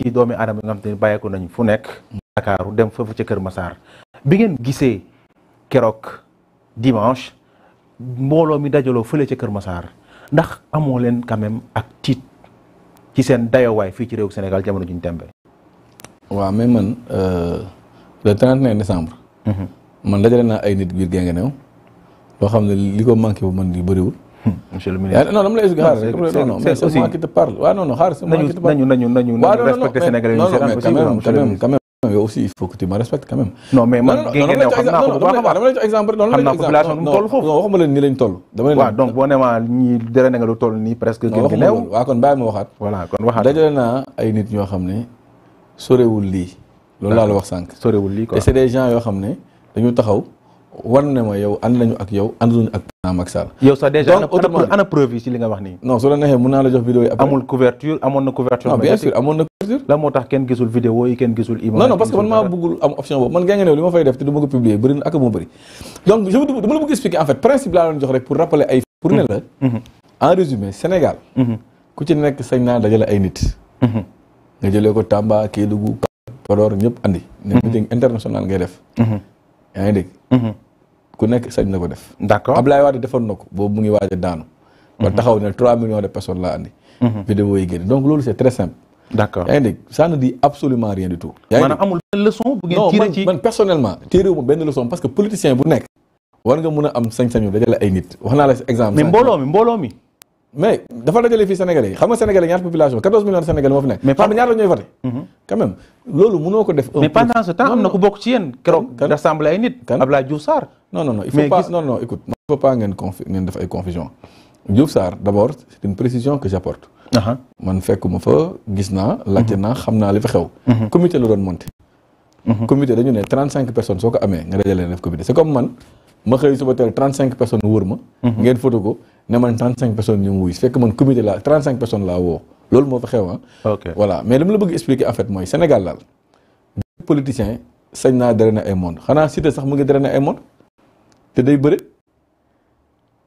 ci doomi aadama yi nga xam te ne bàyyeeku nañ fu nekk Ndakaaru dem foofu ca Kër Massar bi ngeen gisee keroog dimanche mbooloo mi dajaloo fële ca Kër Massar ndax amoo leen quand ak tiit ci seen dayowaay fii ci réew Sénégal jamono juñ tembe waaw mais man euh, le 31 décembre mhm. man dajale naa ay nit biir Guinguinéo loo xam ne li ko manqué bu man di bëriwul Hmm. monsieur le ministre non dama lay xaar non non mais c'est moi qui te parle waaw non non xaar c'est moi qui te parle nañu nañu nañu respecter sénégalais yi quand mais man ngeen xam naa a baax dama xam donc boo ne ma ñi dere na lu toll nii presque gën gi néew kon bàyyi ma waxaat voilà kon ay nit ñoo xam ne sorewul lii loolu laa la wax sànq sorewul lii quoi et c'est des gens yoo xam ne dañu taxaw war na ma yow ànd nañu ak yow ànduñu ak parce que man maa bëggul am option boobu man gàncax gi li ma fay def te du ko publier bëri na ak bëri. donc je me dama la bëgg expliquer en fait principe laa doon jox rek pour rappeler ay. pour ne la. Mm-hmm. Mm-hmm. en résumé Sénégal. Mm-hmm. ku ci nekk sañ naa dajale ay nit. nga jëlee ko Tamba Kédougou Podor ñëpp andi. ne meeting international ngay def. yaa ngi dégg. ku nekk sañ na ko def. d' accord Ablaye Wade boobu mu ngi waaj a daanu. ba mhm. taxaw ne 3 millions de personnes laa mhm. amul benn leçon bu ngeen tiré ci man man personnellement tiré benn leçon parce que politicien bu nekk. war nga mun a am sañ-sañu dajale ay nit wax naa la exemple. mais mbooloo mi mbooloo mi. mais dafa dajale fii sénégalais yi xam ñaata population 14 de sénégalais mhm. loolu mënoo ko def. mais pas ngeen def ay confusion Diouf Sarr d' abord une précision que j' apporte. Uh-huh. man fekkuma fa gis naa. laajte mhm. naa xam naa li fa xew. Mhm. comité la doon monté. comité dañu ne 35 personnes soo ko amee nga dajale def comité c' comme man. ma xëy suba teel 35 personnes wër ma. Mhm. ngeen foto ko ne man 35 personnes ñu mu wuyu fekk man comité la 35 personnes laa woo loolu moo fa xew ah. voilà mais li ma la bëgg expliquer en mooy Sénégal daal. politicien sañ naa drainer ay monde xanaa Cité sax mu ngi drainer ay monde te day bëri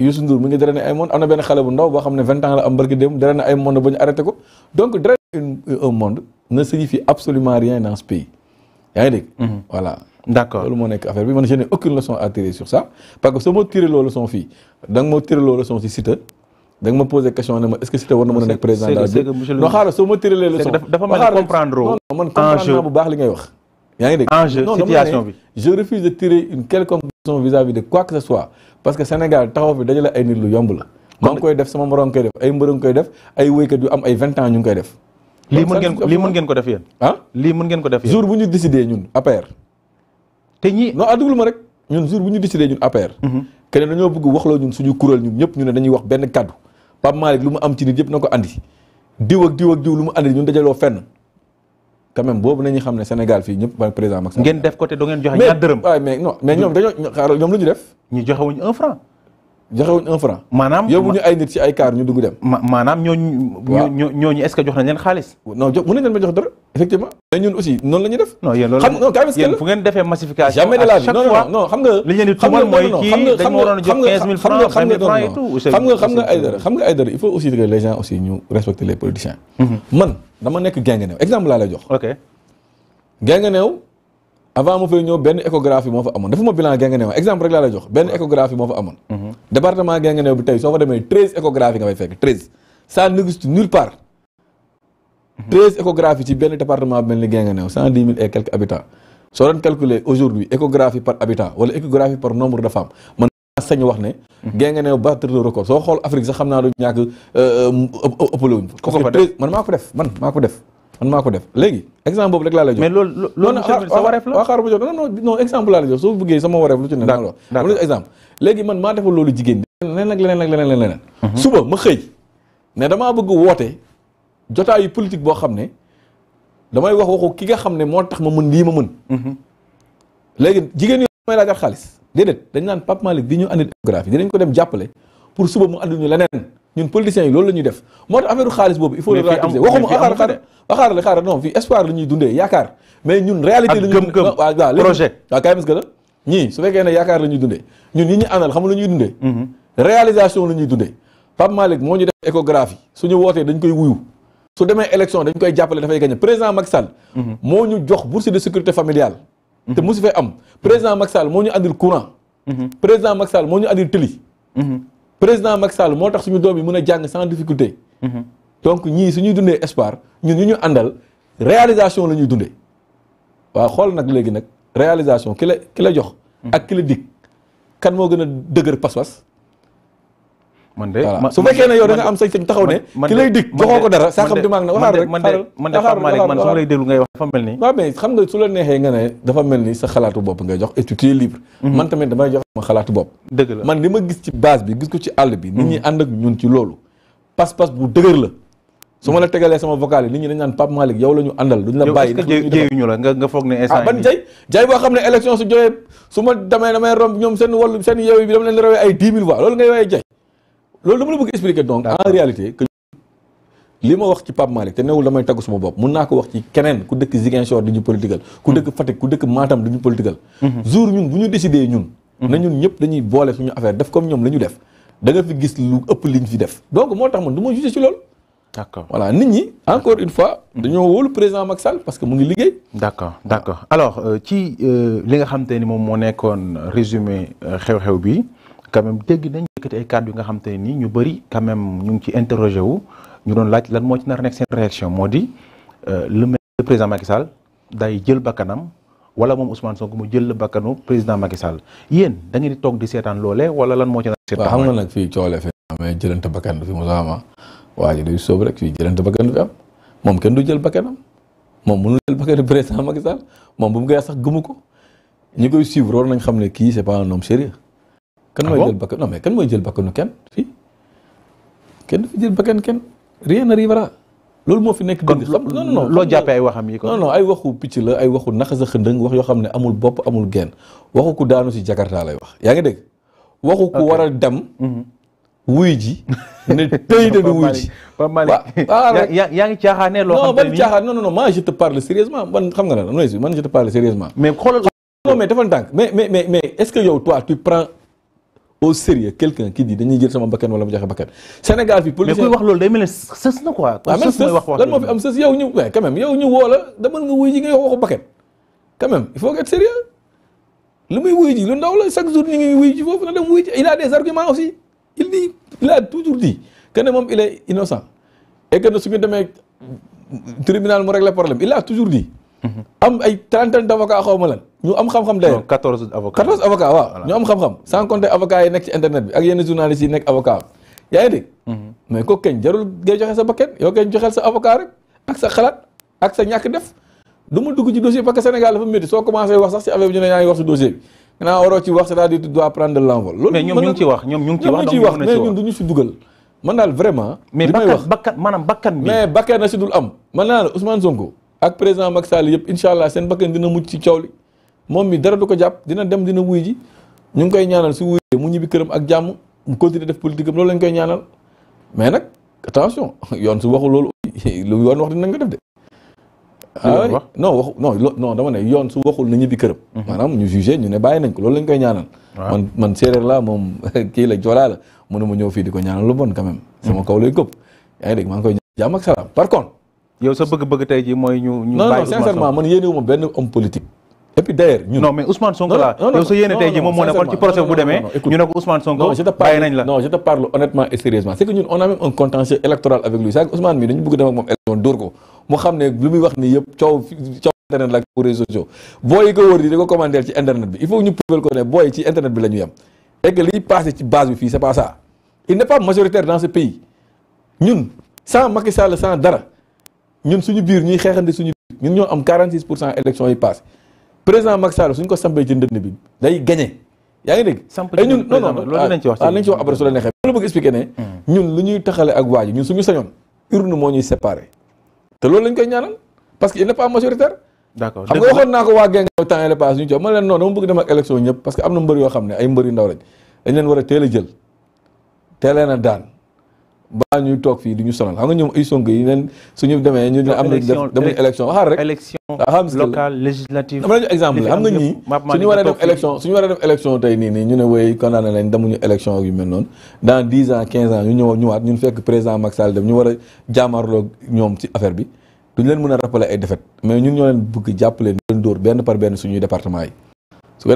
Youssou mu ngi drainer ay monde am na benn xale bu ndaw boo xam ne vingt ans la am barki démb drainer ay monde ba ñu arrêté ko donc drainer un monde ne signifie absolument rien d'accord loolu moo nekk affaire bi man je n'ai leçon à tirer sur ça parce que soo ma tiré loo leçon fii da nga ma tiré loo leçon si Siteu da nga ma posé question ne ma est que Siteu war na mën nekk président de la dafa mel ni comprendre bu baax li ngay wax yaa ngi dégg enjeu situation bi je refuse de tirer une quelconque leçon vis-à-vis de quoi que ce soit parce que Sénégal taxaw fi dajale ay nit lu yomb koy def sama morom koy def ay mbërëm koy def ay wéykat yu am ay vingt ans ñu ngi koy ngeen ko ah? lii mën ngeen ko def lii mën ngeen def yéen jour bu ñu ñun APR te ñi non adduglu ma rek ñun jour bu ñu décidé ñun APR keneen mhm. dañoo bëgg waxloo ñun suñu kuréel ñun ñëpp ñu ne dañuy wax benn kàddu Pape Malick lu mu am ci nit yëpp na ko andi diw ak diw ak diw lu mu andi ñun dajaloo fenn quand boobu nañu xam ne Sénégal fii ñëpp ba président Macky ngeen def ko te doo ngeen joxe ñaar dërëm waaye mais non mais ñoom dañoo xaaral ñoom lu ñu def ñu joxewuñu un franc joxewuñ un franc. maanaam yóbbuñu ay nit ci ay kaar ñu dugg dem. maanaam ñooñu. ñooñu est ce que jox nañ leen xaalis. non jox mën jox dara effectivement. noonu la ñuy def. non yéen fu ngeen defee massification. de la ma waroon a jox 15000 xam nga ay dara xam nga ay dara il faut aussi que les aussi ñu respecter les politiciens. Mhm. man dama nekk Guinguinéo exemple laa lay jox. ok avant ma fay ñëw benn échographie moo fa amoon dafa ma bilan Guinguinéo exemple rek laa lay jox benn échographie moo fa amoon mhm. département Guinguinéo bi tey soo fa demee treize échographie nga fay fekk treize ça n'existe nulle part mhm. treize échographie ci benn département mel ni Guinguinéo cent dix mille et quelques habitants soo doon calculer aujourd'hui échographie par habitant wala échographie par nombre de femmes man sañ wax ne mhm. Guinguinéo battre le record soo xool Afrique sax xam naa du ñàkk euh, euh, ëppalewuñ ko man maa ko def man maa ko def man maa ko def léegi exemple boobu rek laa lay jox. mais loolu loolu sa wareef la waaw xaaral ma jox soo bëggee sama wareef lu ci ne. d'accord léegi man maa defal loolu jigéen bi. leneen ak leneen ak leneen leneen. Mhm. suba ma xëy ne damaa bëgg woote jotaayu politique boo xam ne damay wax waxu ki nga xam ne moo tax ma mën lii ma mën. Mhm. léegi jigéen yooyu may laajaat xaalis déedéet dañ naan Pape Malick bi ñu andi di dinañ ko dem jàppale pour suba mu andi ñu leneen. ñun politiciens yi loolu la ñuy def moo tax affaire xaalis boobu il faut le relativiser waxuma waxaar xaar waxaar la xaar non fii espoir la ñuy dundee yaakaar mais ñun réalité la dundee projet waaw kaay que ñii su fekkee ne yaakaar la ñuy dundee ñun ñi ñu àndal xam la ñuy dundee mhm. réalisation la ñuy dundee Pape Malick moo ñu def échographie suñu wootee dañ koy wuyu su demee élection dañ koy jàppale dafay gagné président Macky mhm. moo ñu jox bourse de sécurité familiale mhm. te mosu am président Macky moo ñu andil courant président Macky Sall moo ñu andil tëli président Macky Sall moo tax suñu doom yi mën a jàng sans difficulté. Mhm. donc ñii su ñuy dundee espoir ñun ñu ñu àndal réalisation la ñuy dundee waaw xool nag léegi nag réalisation ki la ki la jox. ak ki la dig kan moo gën a dëgër pas-pas man de su fekkee ne yow da nga am sañ-sañ taxaw ne ki lay dig joxoo ko dara saa xam di na waxaar rek man su ma lay déglu ngay wax dafa mel ni waaw mais xam nga su la neexee nga ne dafa mel ni sa xalaatu bopp ngay jox et libre mhm. man tamit damay jox ma xalaatu bopp mhm. dëgër la su ma la tegalee sama vocal yi nit ñi dañ naan Pape Malick yow la ñu àndal duñ la bàyyi jéeyuñu la nga nga foog ne instant ban ah, jay boo xam ne élection su joxee su ma damay romb loolu dama la bëgg expliquer donc en réalité li ma wax ci Pape Malick te newul damay tagg suma bopp mun naa ko wax ci keneen ku dëkk Ziguinchor di ñu political ku hmm. dëkk Fatick ku dëkk Matam di ñu political hmm. jour ñun bu ñu décidé ñun hmm. na ñun ñëpp dañuy boole suñu affaire def comme ñoom la ñu def da fi gis lu ëpp liñ fi def donc moo tax man du ma jugé ci loolu d'accord voilà nit ñi encore une fois dañoo wóolu président Macky Sall parce que mu ngi liggéey d'accord d'accord alors euh, euh, li nga xam te moom moo nekkoon résumé euh, xew-xew bi quand même dégg nañ yëkkati ay kàddu yi nga xam te ne nii ñu bëri quand même ñu ngi ci interroger wu ñu doon laaj lan moo ci nar nekk seen réaction moo di euh, le maire président Macky Sall day jël bakkanam wala moom Ousmane Sonko mu jël bakkanu président Macky Sall yéen da toog di seetaan loolee wala lan moo ci nar. waaw xam nga nag fii coole fi amee jëlante bakkan du fi mos a am ah. waa moom kenn du jël bakkanam moom mënul jël bakkanu président Macky Sall moom bu mu koy sax gëmu ko ñi koy suivre war nañ xam ne kii c'est pas un homme sérieux kan ah mooy jël bakkan non mais kan mooy jël bakkanu kenn fii kenn du jël bakkan kenn rien n'arrivera loolu moo fi nekk dëgg xam non loo jàppee ay waxam yi ko non non ay waxu picc la ay waxu naxas a xëndëng wax yoo xam ne amul bopp amul genn waxu ku daanu si jakarta lay wax yaa ngi dégg waxu ku war a dem mhm. wuy ji ne tey de du wuy ji yaa ngi caaxaanee loo xam ban caaxaan non non moi je te sérieusement man xam nga na noy si man je te parle sérieusement mais au sérieux quelqu'un ki dit dañuy jël sama bakkan wala mu joxe bakkan Sénégal fi politicien mais kuy wax loolu day mel ne sës na quoi ah, sës mooy wax lan moo fi am sës yow ñu mais quand même yow woo la demal ndaw la chaque jour ñu ngi wuy ji foofu na dem wuy ji il a des arguments aussi il dit il a toujours dit que moom il est innocent et que su muy demee tribunal mu régler problème il a toujours dit am ay trentaine d' avocats xaw ma lan ñu am xam-xam d'ailleurs quatorze avocats quatorze avocats waaw ñu am xam-xam sans compter avocats yi nekk ci internet bi ak yenn journalistes yi nekk avocat yaa ngi dégg mm-hmm. mais kooku kañ jarul ngay joxe sa bakkan yow kañ joxeel sa avocat rek ak sa xalaat ak sa ñàkk def du ma dugg ci dossier parce que Sénégal dafa métti soo commencé wax sax si affaire bi ñu ne yaa ngi wax si dossier bi naa waroo ci wax c'est-à-dire tu dois prendre l'envol loolu mais ñoom ngi ciy wax ñoom ñu ngi ciy wax mais ñun du ñu si dugal man daal vraiment mais bakkan maanaam bakkan bi mais bakkan na am man naa la Ousmane Sonko ak président Macky Sall yëpp incha allah seen bakkan dina mucc ci coow li moom mi dara du ko jàpp dina dem dina wuy ji ñu ngi koy ñaanal su wuyee mu ñibbi këram ak jàmm mu continuer def politique am loolu lañ koy ñaanal mais nag attention yoon su waxul loolu lu yoon wax dina nga def de. ah non waxu non non dama ne yoon su waxul na ñibbi këram. Mhm. maanaam ñu jugé ñu ne bàyyi nañ ko loolu lañ koy ñaanal. man man séeréer la moom kii la joolaa la mënuma ñëw fii di ko ñaanal lu bon quand même. Mhm. sama kaw lay këpp yaa dégg maa ngi koy ñaan jàmm ak salaam par contre. yow sa bëgg-bëgg tey ji mooy ñu. ñu bàyyi Ousmane Sonko non non sincèrement man yéene wu ma benn homme politique. et puis d'ailleurs ñun non mais Ousmane Sonko la yow sa yéene tey ji moom moo nekkoon ci procès bu demee ñu ne ko Ousmane Sonko bàyyi nañ la non je te parle honnêtement et sérieusement c'est que ñun on a même un contentieux électoral avec lui c'est-à-dire Ousmane mii dañu bëgg dem ak moom élection dóor ko mu xam ne lu muy wax ni yëpp coow coow internet la pour réseaux sociaux booy yi ko wër di di ko commandeel ci internet bi il faut ñu prouver ko ne booy ci internet bi la ñu yem et que liy passé ci base bi fii c'est pas ça il n'est pas majoritaire dans ce pays ñun sans Macky Sall sans dara ñun suñu biir ñuy xeexandi suñu biir ñun ñoo am 46 pour cent élection yi passé président Macky Sall suñ ko sampee ci ndënd bi day gagné. yaa ngi dégg ay ñun non loolu nañ ci wax ah, nañ ci wax après su la neexee loolu bëgg expliqué ne hmm. ñun lu ñuy taxale ak waa ñun suñu sañoon urne moo ñuy séparé te loolu lañ koy ñaanal parce que il n'est pas xam nga waxoon naa ko waa Genga temps ele passé ñu ci ma leen non dama bëgg dem ak élection na mbër yoo xam ne ay a teel a jël ba ñuy toog fii du ñu sonal xam nga ñoom ay Sonko yi neen suñu demee ñu ne am na damay élection waxaar rek élection ah, locale législative dama la ñu exemple xam nga ñii suñu waree def élection suñu waree def élection tey nii nii ñu ne wooy condamné leen damuñu élection ak yu mel noonu dans dix ans quinze ans ñu ñëw ñëwaat ñun fekk président Macky Sall dem ñu war a jaamarloo ñoom ci affaire bi duñ leen mën a rappeler ay défaite mais ñun ñoo leen bëgg jàppale leen dóor benn par benn suñuy département yi su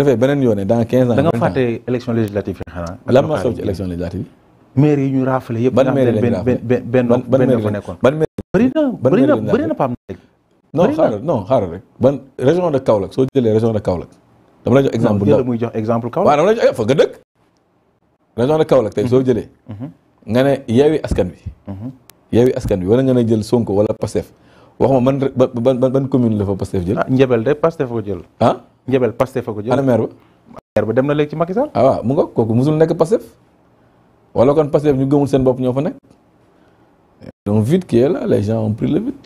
ko maire yi ñu raafale yëpp. ban maire de Kaolack soo jëlee région de Kaolack. Eh, soo mhm. jëlee. Mhm. nga ne yeewi askan wi. Mhm. yeewi askan wi wala nga ba. dem na léegi ci Macky Sall. Ah, mu nga kooku musul nekk Pastef wala kon Pastef ñu gëmul seen bopp ñoo fa nekk donc vide qui est là les gens ont pris le vide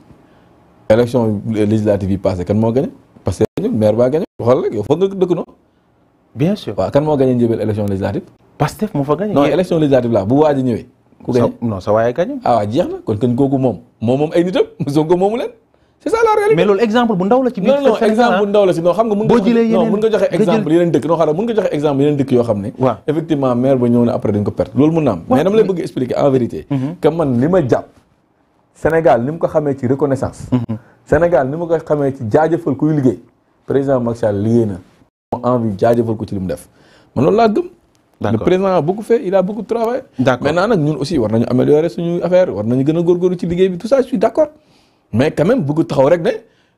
élection législative yi passé kan moo gagné Pastef ñu maire baa gagné xool rek yow foog nga dëkk noonu bien sûr waaw kan moo gagné njëbel élection législative Pastef moo fa gagné non élection législative laa bu waa ñëwee ku gagné non sa waaye gagné ah waa jeex na kon kenn kooku moom moom moom ay nitam Sonko moomu leen c'est ça la réalité mais loolu exemple bu ndaw la ci biir. non non exemple ah. bu ndaw la ni ko xamee ci reconnaissance. Mm-hmm. Sénégal ni ma ko xamee ci jaajëfal kuy na. ci li mu def président a beaucoup fait il beaucoup travaillé. d'accord maintenant nag ñun aussi war nañu améliorer suñu affaire war nañu gën a góorgóorlu ci liggéey bi tout ça d'accord mais quand même bëgg taxaw rek ne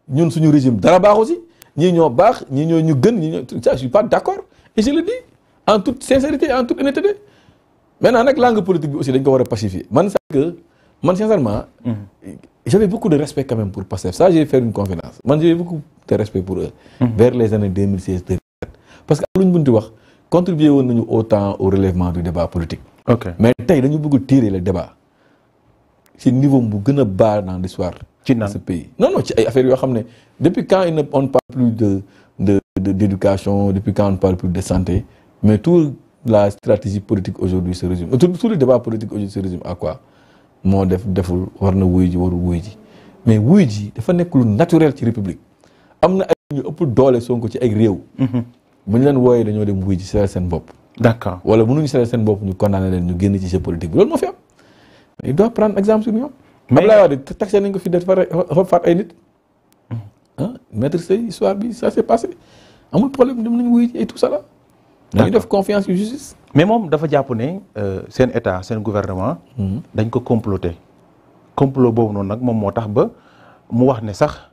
ñun suñu régime dara baaxu si ñii ñoo baax ñii ñoo ñu gën ñii ñoo ça je suis pas d' accord et je le dis en toute sincérité en toute honnêteté maintenant nag langue politique bi aussi dañ ko war a pacifier man sax que man sincèrement. Mm-hmm. j'avais beaucoup de respect quand même pour Pastef ça j'ai fait une confidence man j'avais beaucoup de respect pour eux. Mm-hmm. vers les années 2016 2017 parce que am luñ bunti wax contribuer woon nañu autant au relèvement du débat politique. ok mais tey dañu bëgg tirer le a ci naan ce pays. non non ci ay affaires yoo xam ne depuis quand il ne on ne plus de de d'éducation depuis quand de santé mais tout la stratégie politique aujourd'hui se résume tout tout le politique aujourd'hui se résume à quoi moo def deful war na wuy ji warul wuy ji mais wuy ji dafa nekk lu naturel ci république am na ay ñu ëpp doole Sonko ci ay réew. Mm-hmm. bu ñu leen wooyee dañoo dem wuy ji seetal seen bopp. d'accord wala mënuñu seetal seen bopp ñu condamné leen ñu génn ci jeu politique Abdoulaye Wade taxé nañ ko fi def faat ay nit ah maître Sèye histoire bi ça s'est passé amul problème dem nañ wuy et tout ça là. dañu def confiance yu justice. mais moom dafa jàpp ne euh, seen état seen gouvernement. Hmm. dañ ko comploter complot boobu noonu nag moom moo tax ba mu wax ne sax.